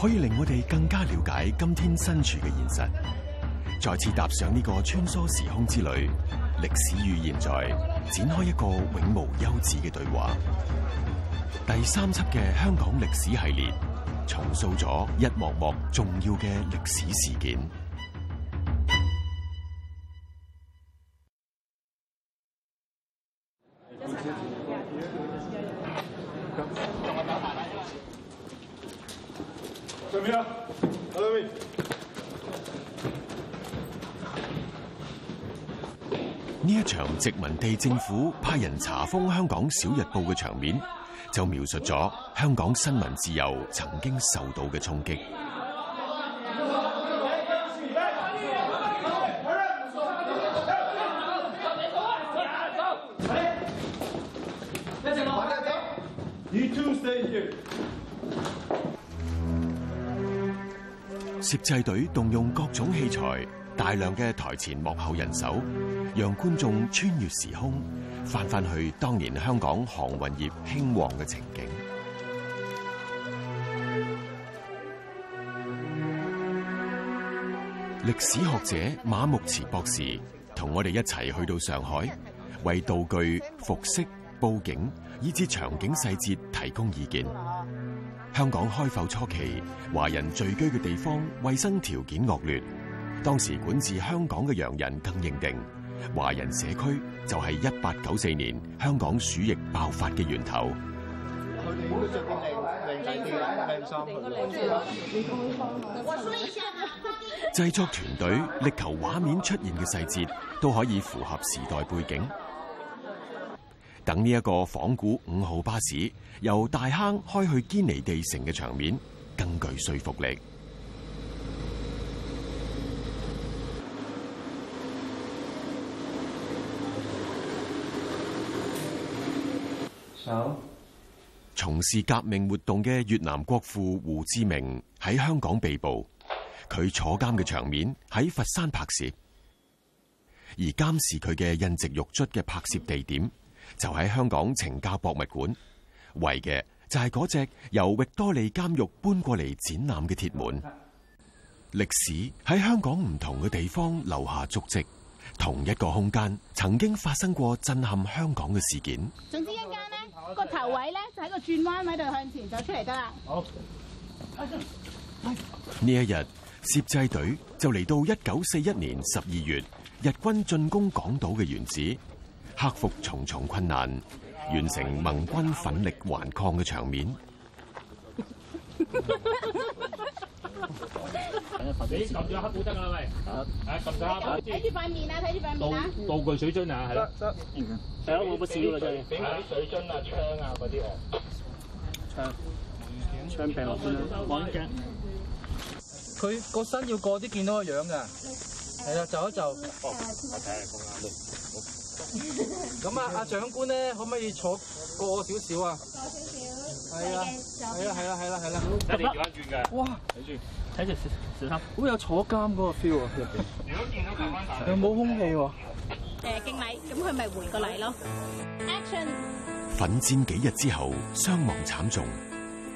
可以令我哋更加了解今天身處嘅現實，再次踏上呢個穿梭時空之旅，歷史與現在展開一個永無休止嘅對話。第三輯嘅香港歷史系列，重塑咗一幕幕重要嘅歷史事件。殖民地政府派人查封香港《小日報》嘅場面，就描述咗香港新聞自由曾經受到嘅衝擊。攝製隊動用各種器材，大量嘅台前幕後人手。讓觀眾穿越時空，返返去當年香港航運業興旺嘅情景。歷、嗯、史學者馬木慈博士同我哋一齊去到上海，為道具、服飾、布景，以至場景細節提供意見。香港開埠初期，華人聚居嘅地方衛生條件惡劣，當時管治香港嘅洋人更認定。華人社區就係一八九四年香港鼠疫爆發嘅源頭。製作團隊力求畫面出現嘅細節都可以符合時代背景。等呢一個仿古五號巴士由大坑開去堅尼地城嘅場面，更具說服力。從 Hello? 事革命活動嘅越南國父胡志明喺香港被捕，佢坐監嘅場面喺佛山拍攝，而監視佢嘅印籍獄卒嘅拍攝地點就喺香港懲教博物館，為嘅就係嗰隻由域多利監獄搬過嚟展覽嘅鐵門。歷史喺香港唔同嘅地方留下足跡，同一個空間曾經發生過震撼香港嘅事件。個頭位咧，就喺個轉彎位度向前走出嚟，得啦。好，呢一日攝製隊就嚟到一九四一年十二月，日軍進攻港島嘅原址，克服重重困難，完成盟軍奮力頑抗嘅場面。 你撳住黑都得噶啦，喂！啊，撳住黑。睇住塊面啊，睇住塊面啊，道具水樽啊，係咯。得得。係咯，我冇俾我啲水樽啊，槍啊啲哦。槍槍並落佢個身要過啲，見到個樣㗎。係啦，就一就。咁啊，阿長官咧，可唔可以坐過少少啊？係啊，係啦，係啦，係啦，係啦，不得哇！睇住，睇住小心！好有坐監嗰個 feel 啊！如果見到佢，又冇 空氣氣喎。誒、嗯，敬禮、嗯，咁佢咪回個禮咯。Action！奮戰幾日之後，傷亡慘重，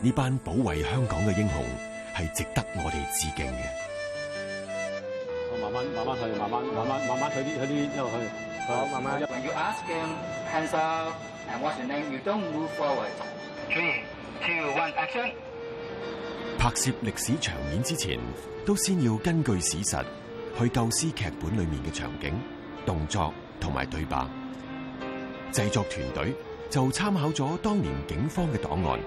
呢班保衛香港嘅英雄係值得我哋致敬嘅。我慢慢慢慢去，慢慢慢慢慢慢去啲去啲一路去。好，慢慢去。When you ask him, hands up, and what's your name? You don't move forward. Three, two, one, action！拍攝歷史場面之前，都先要根據史實去構思劇本裡面嘅場景、動作同埋對白。製作團隊就參考咗當年警方嘅檔案，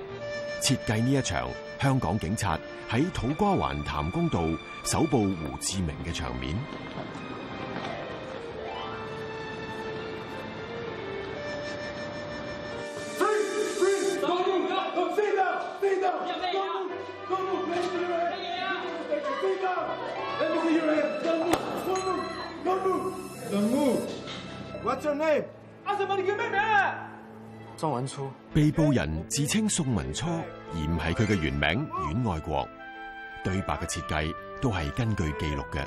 設計呢一場香港警察喺土瓜灣譚公道搜捕胡志明嘅場面。阿俊利，阿俊利，你叫咩名啊？宋文初，被捕人自稱宋文初，而唔係佢嘅原名阮愛國。對白嘅設計都係根據記錄嘅。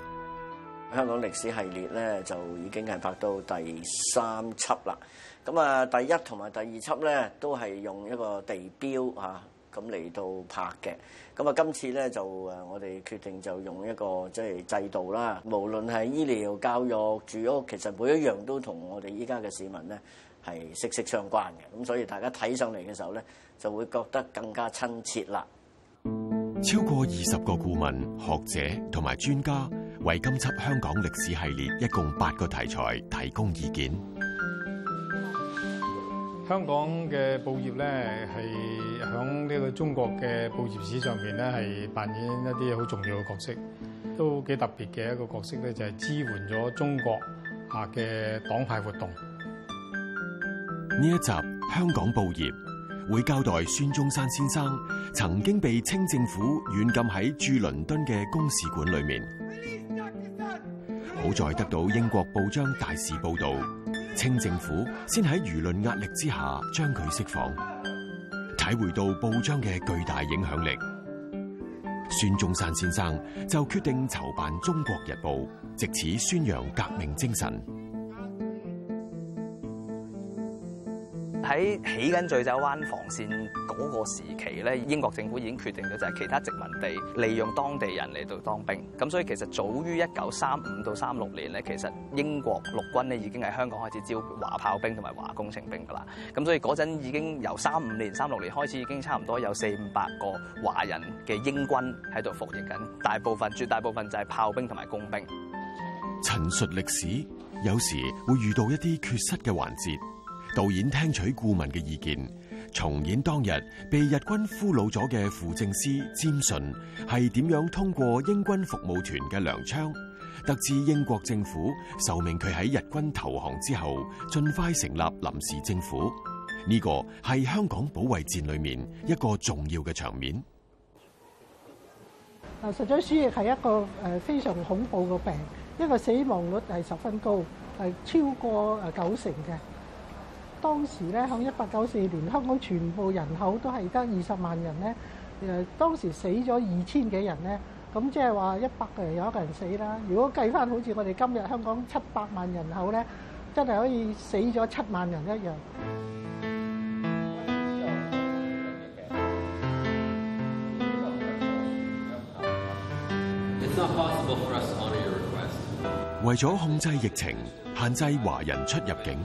香港歷史系列咧就已經係拍到第三輯啦。咁啊，第一同埋第二輯咧都係用一個地標啊。咁嚟到拍嘅，咁啊今次呢，就誒我哋決定就用一個即係制度啦。無論係醫療、教育、住屋，其實每一樣都同我哋依家嘅市民呢係息息相關嘅。咁所以大家睇上嚟嘅時候呢，就會覺得更加親切啦。超過二十個顧問學者同埋專家，為今輯香港歷史系列一共八個題材提供意見。香港嘅報業咧，係喺呢個中國嘅報業史上邊咧，係扮演一啲好重要嘅角色，都幾特別嘅一個角色咧，就係、係、支援咗中國下嘅黨派活動。呢一集《香港報業》會交代孫中山先生曾經被清政府軟禁喺駐倫敦嘅公使館裏面。好在得到英國報章大肆報導。清政府先喺輿論壓力之下將佢釋放，體會到報章嘅巨大影響力。孫中山先生就決定籌辦《中國日報》，藉此宣揚革命精神。喺起緊醉酒灣防線嗰個時期咧，英國政府已經決定咗就係其他殖民地利用當地人嚟到當兵。咁所以其實早於一九三五到三六年咧，其實英國陸軍咧已經喺香港開始招華炮兵同埋華工程兵㗎喇。咁所以嗰陣已經由三五年、三六年開始已經差唔多有四五百個華人嘅英軍喺度服役緊，大部分絕大部分就係炮兵同埋工兵。陳述歷史，有時會遇到一啲缺失嘅環節。導演聽取顧問嘅意見，重演當日被日軍俘虜咗嘅輔政司詹遜係點樣通過英軍服務團嘅糧槍，得知英國政府授命佢喺日軍投降之後，盡快成立臨時政府。呢個係香港保衛戰裏面一個重要嘅場面。啊，食疹輸係一個誒非常恐怖嘅病，因為死亡率係十分高，係超過九成嘅。當時咧，喺一八九四年，香港全部人口都係得二十萬人咧。誒，當時死咗二千幾人咧。咁即係話一百個人有一個人死啦。如果計返好似我哋今日香港七百萬人口咧，真係可以死咗七萬人一樣。為咗控制疫情，限制華人出入境。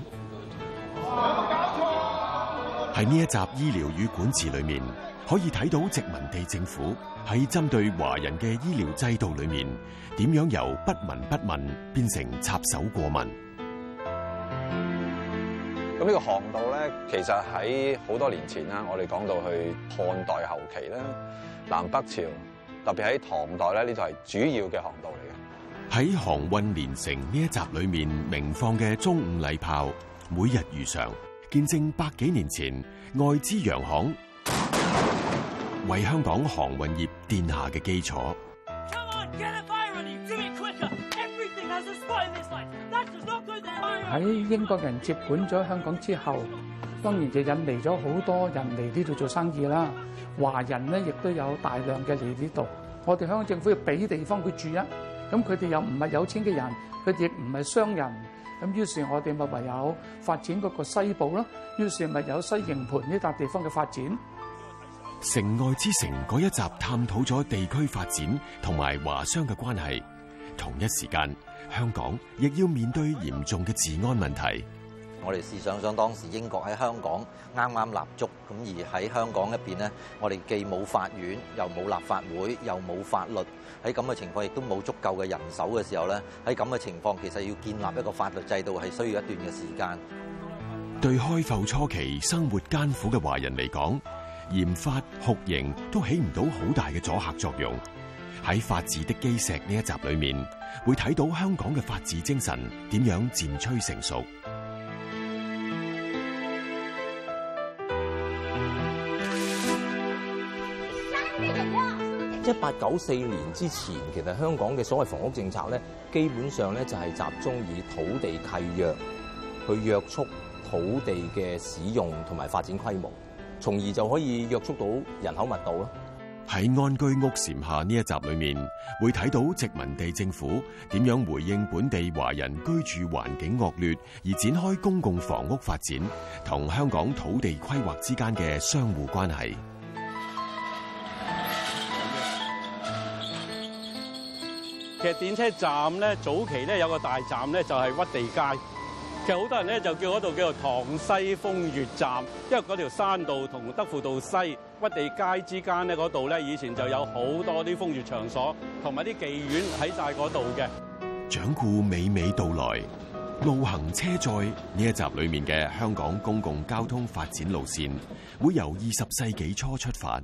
喺呢一集醫療與管治裏面，可以睇到殖民地政府喺針對華人嘅醫療制度裏面，點樣由不聞不問變成插手過問。咁呢個航道咧，其實喺好多年前啦，我哋講到去漢代後期，南北朝，特別喺唐代咧，呢度係主要嘅航道嚟嘅。喺航運連城呢一集裏面，鳴放嘅中午禮炮，每日如常，見證百幾年前外資洋行為香港航運業奠下嘅基礎。喺英國人接管咗香港之後，當然就引嚟咗好多人嚟呢度做生意啦。華人咧亦都有大量嘅嚟呢度。我哋香港政府要俾地方佢住啊。咁佢哋又唔係有錢嘅人，佢哋亦唔係商人。咁於是，我哋咪唯有發展嗰個西部咯。於是，咪有西營盤呢笪地方嘅發展。城外之城嗰一集探討咗地區發展同埋華商嘅關係。同一時間，香港亦要面對嚴重嘅治安問題。我哋試想想當時英國喺香港啱啱立足咁，而喺香港一邊呢，我哋既冇法院，又冇立法會，又冇法律喺咁嘅情況，亦都冇足夠嘅人手嘅時候咧，喺咁嘅情況，其實要建立一個法律制度係需要一段嘅時間。對開埠初期生活艱苦嘅華人嚟講，嚴法酷刑都起唔到好大嘅阻嚇作用。喺法治的基石呢一集裏面，會睇到香港嘅法治精神點樣漸趨成熟。一八九四年之前，其實香港嘅所謂房屋政策咧，基本上咧就係集中以土地契約去約束土地嘅使用同埋發展規模，從而就可以約束到人口密度囉。喺安居屋檐下呢一集裏面，會睇到殖民地政府點樣回應本地華人居住環境惡劣，而展開公共房屋發展同香港土地規劃之間嘅相互關係。其實電車站咧，早期咧有個大站咧，就係屈地街。其實好多人咧就叫嗰度叫做塘西風月站，因為嗰條山道同德輔道西屈地街之間咧，嗰度咧以前就有好多啲風月場所同埋啲妓院，喺晒嗰度嘅。掌故娓娓道來，路行車載呢一集裏面嘅香港公共交通發展路線，會由二十世紀初出發。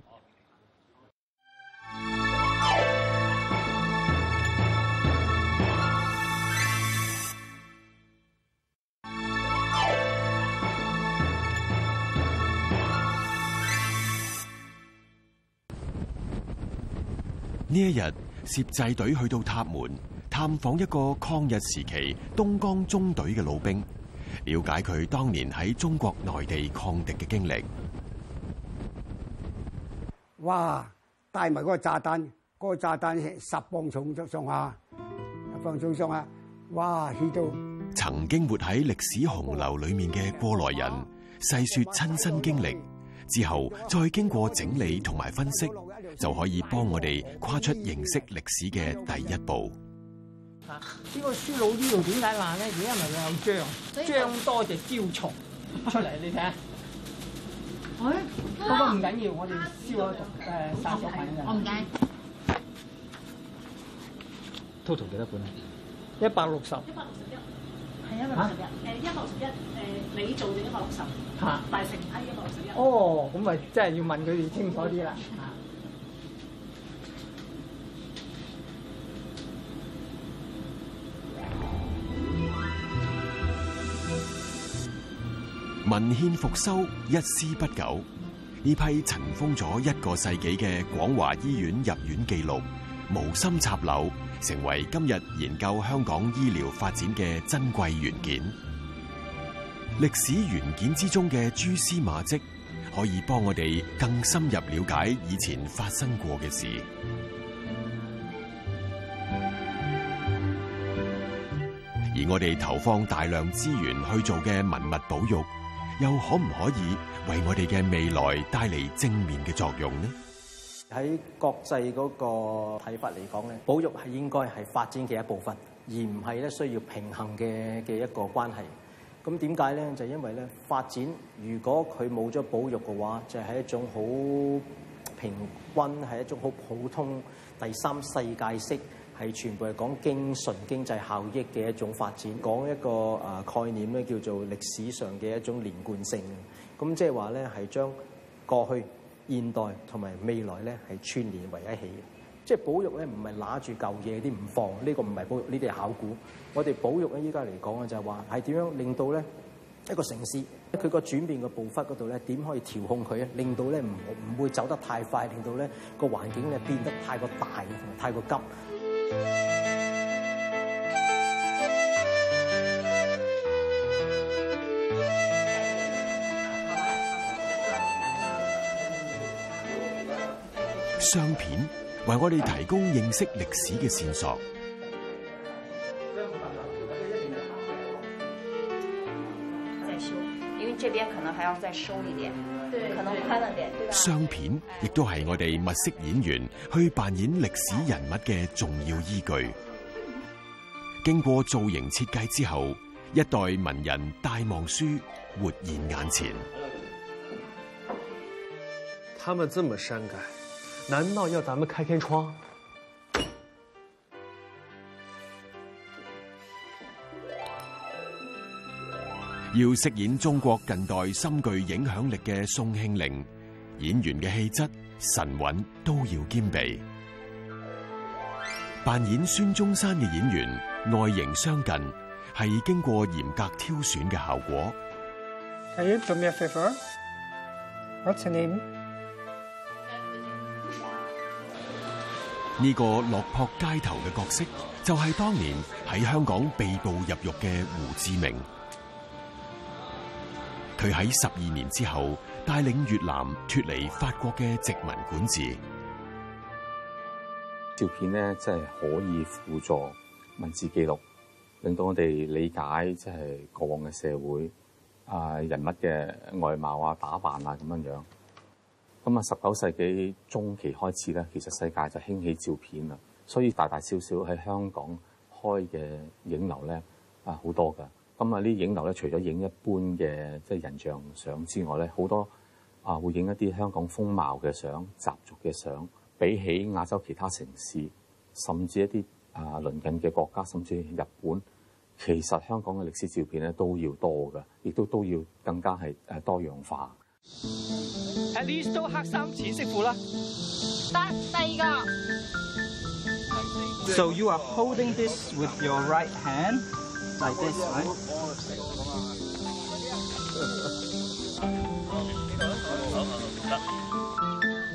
呢一日，攝製隊去到塔門探訪一個抗日時期東江中隊嘅老兵，了解佢當年喺中國內地抗敵嘅經歷。哇！帶埋個炸彈，個炸彈十磅重就上下，十磅重上下。哇！去做曾經活喺歷史洪流裏面嘅過來人，細說親身經歷之後，再經過整理同埋分析，就可以幫我哋跨出認識歷史嘅第一步。呢個書老呢度點解爛咧？而家咪有張張多隻焦蟲出嚟，你睇下。嗰個唔緊要，我哋燒咗誒三毒品㗎。我唔緊。Total 幾多本啊？一百六十。一百六十一。一百六十一一百六十一誒，你做定一百六十？嚇。但係成批一百六十一。哦，咁咪即係要問佢哋清楚啲啦。 文獻復修一絲不苟，呢批塵封咗一個世紀嘅廣華醫院入院記錄，無心插柳，成為今日研究香港醫療發展嘅珍貴原件。歷史原件之中嘅蛛絲馬迹，可以幫我哋更深入了解以前發生過嘅事。而我哋投放大量資源去做嘅文物保育。又可唔可以為我哋嘅未來帶嚟正面嘅作用呢？喺國際嗰個睇法嚟講咧，保育係應該係發展嘅一部分，而唔係咧需要平衡嘅嘅一個關係。咁點解咧？就是、因為咧發展如果佢冇咗保育嘅話，就係、是、一種好平均，係一種好普通第三世界式。係全部係講經純經濟效益嘅一種發展，講一個啊概念咧，叫做歷史上嘅一種連貫性。咁即係話咧，係將過去、現代同埋未來咧係串聯為一起嘅。即係保育咧，唔係揦住舊嘢啲唔放，呢個唔係保育，呢啲係考古。我哋保育咧，依家嚟講嘅就係話係點樣令到咧一個城市佢個轉變嘅步伐嗰度咧，點可以調控佢咧，令到咧唔唔會走得太快，令到咧個環境咧變得太過大同埋太過急。相片為我哋提供認識歷史嘅線索。相片亦都係我哋物色演員去扮演歷史人物嘅重要依據。經過造型設計之後，一代文人戴望舒活現眼前。他們這麼刪改，難道要咱們開天窗？要飾演中國近代深具影響力嘅宋慶齡，演員嘅氣質、神韻都要兼備。扮演孫中山嘅演員外形相近，係經過嚴格挑選嘅效果。Can you do me a favour? What's your name? 呢個落魄街頭嘅角色，就係當年喺香港被捕入獄嘅胡志明。佢喺十二年之後，帶領越南脫離法國嘅殖民管治。照片咧，即係可以輔助文字記錄，令到我哋理解即係過往嘅社會啊，人物嘅外貌啊、打扮啊咁樣樣。咁啊，十九世紀中期開始咧，其實世界就興起照片啦，所以大大小小喺香港開嘅影樓咧啊，好多㗎。咁啊！呢影樓咧，除咗影一般嘅即係人像相之外咧，好多啊會影一啲香港風貌嘅相、習俗嘅相。比起亞洲其他城市，甚至一啲啊鄰近嘅國家，甚至日本，其實香港嘅歷史照片咧都要多㗎，亦都都要更加係誒多樣化。At least 都黑衫淺色褲啦，得第二個。So you are holding this with your right hand.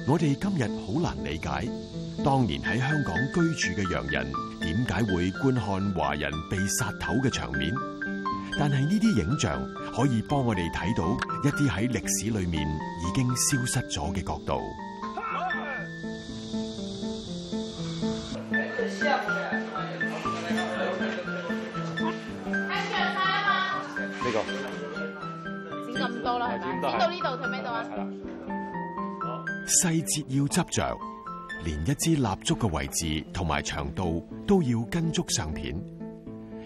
我哋今日好難理解，當年喺香港居住嘅洋人點解會觀看華人被殺頭嘅場面？但係呢啲影像可以幫我哋睇到一啲喺歷史裏面已經消失咗嘅角度。細節要執着，連一支蠟燭嘅位置同埋長度都要跟足相片，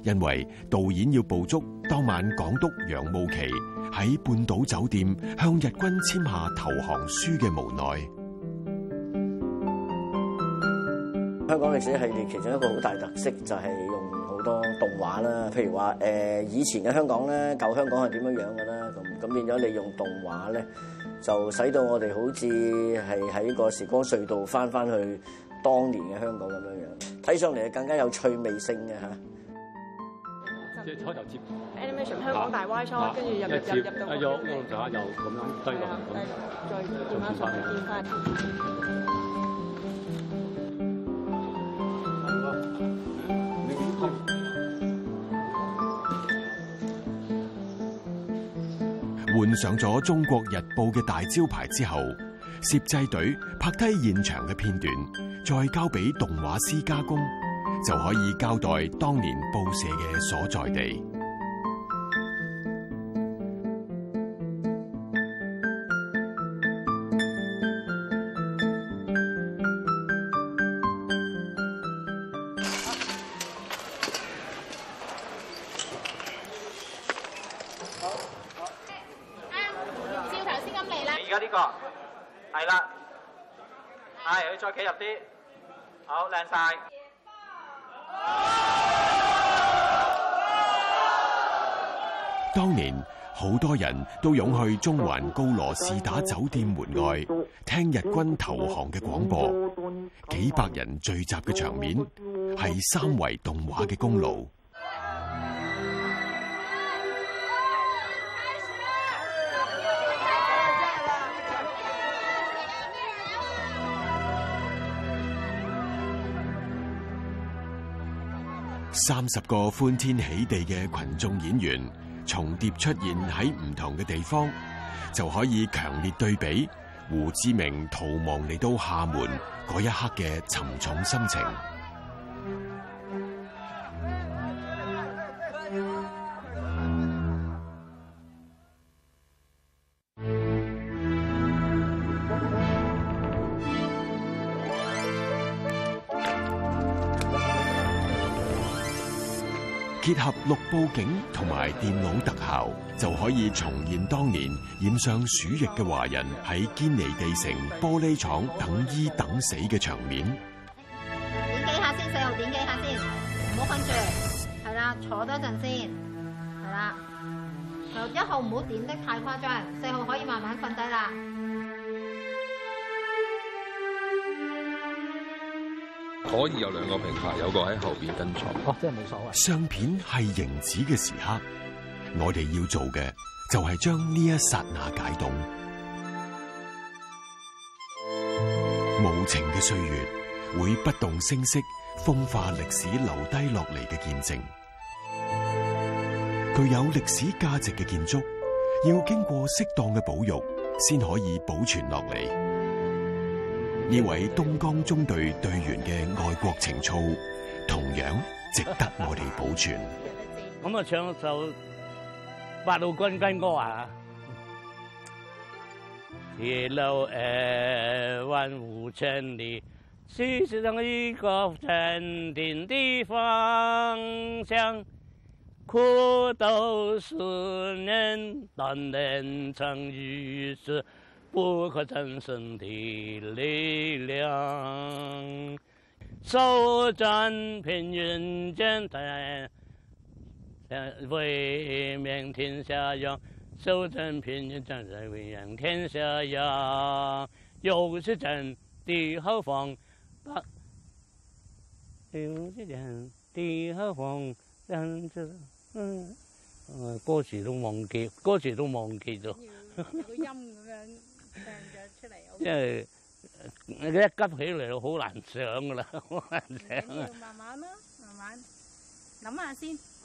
因為導演要捕捉當晚港督楊慕琦喺半島酒店向日軍簽下投降書嘅無奈。香港歷史系列其中一個好大特色就係、是、用好多動畫啦，譬如話誒、呃、以前嘅香港咧，舊香港係點樣樣嘅咧，咁咁變咗你用動畫咧。就使到我哋好似係喺個時光隧道翻翻去當年嘅香港咁樣樣，睇上嚟就更加有趣味性嘅吓即係開頭接。animation 香港大 Y 初，跟住入入、啊啊、入到。有有咁樣低落，再慢再，再，再上咗《中國日報》嘅大招牌之後，攝製隊拍低現場嘅片段，再交俾動畫師加工，就可以交代當年報社嘅所在地。呢、這個係啦，係你再企入啲，好靚晒。漂當年好多人都湧去中環高羅士打酒店門外聽日軍投降嘅廣播，幾百人聚集嘅場面係三維動畫嘅功勞。三十個歡天喜地嘅群眾演員重疊出現喺唔同嘅地方，就可以強烈對比胡志明逃亡嚟到廈門嗰一刻嘅沉重心情。結合綠布景同埋電腦特效，就可以重現當年染上鼠疫嘅華人喺堅尼地城玻璃廠等醫等死嘅場面。點幾下先？四號點幾下先？唔好瞓住。係啦，坐多陣先。係啦，一號唔好點得太誇張，四號可以慢慢瞓低啦。可以有兩個平台，有個喺後邊跟從。哦，即係冇所謂。相片係凝住嘅時刻，我哋要做嘅就係將呢一剎那解凍。無情嘅歲月會不動聲色風化歷史留低落嚟嘅見證。具有歷史價值嘅建築，要經過適當嘅保育，先可以保存落嚟。呢位東江中隊隊員嘅愛國情操，同樣值得我哋保存 我們。咁啊，唱首八路軍軍歌啊！鐵路二萬五千里，始終一個堅定的方向。苦鬥四年，黨練成意志。不可戰勝的力量，手正平雲間天，為免天下揚；手正平雲間天，為揚天下揚。又是真的何妨？又是真的何妨？嗯，嗯，歌曲都忘記，歌曲都忘記咗。 因為你一急起嚟，就好難想噶啦，好難想。你慢慢咯，慢慢諗下先。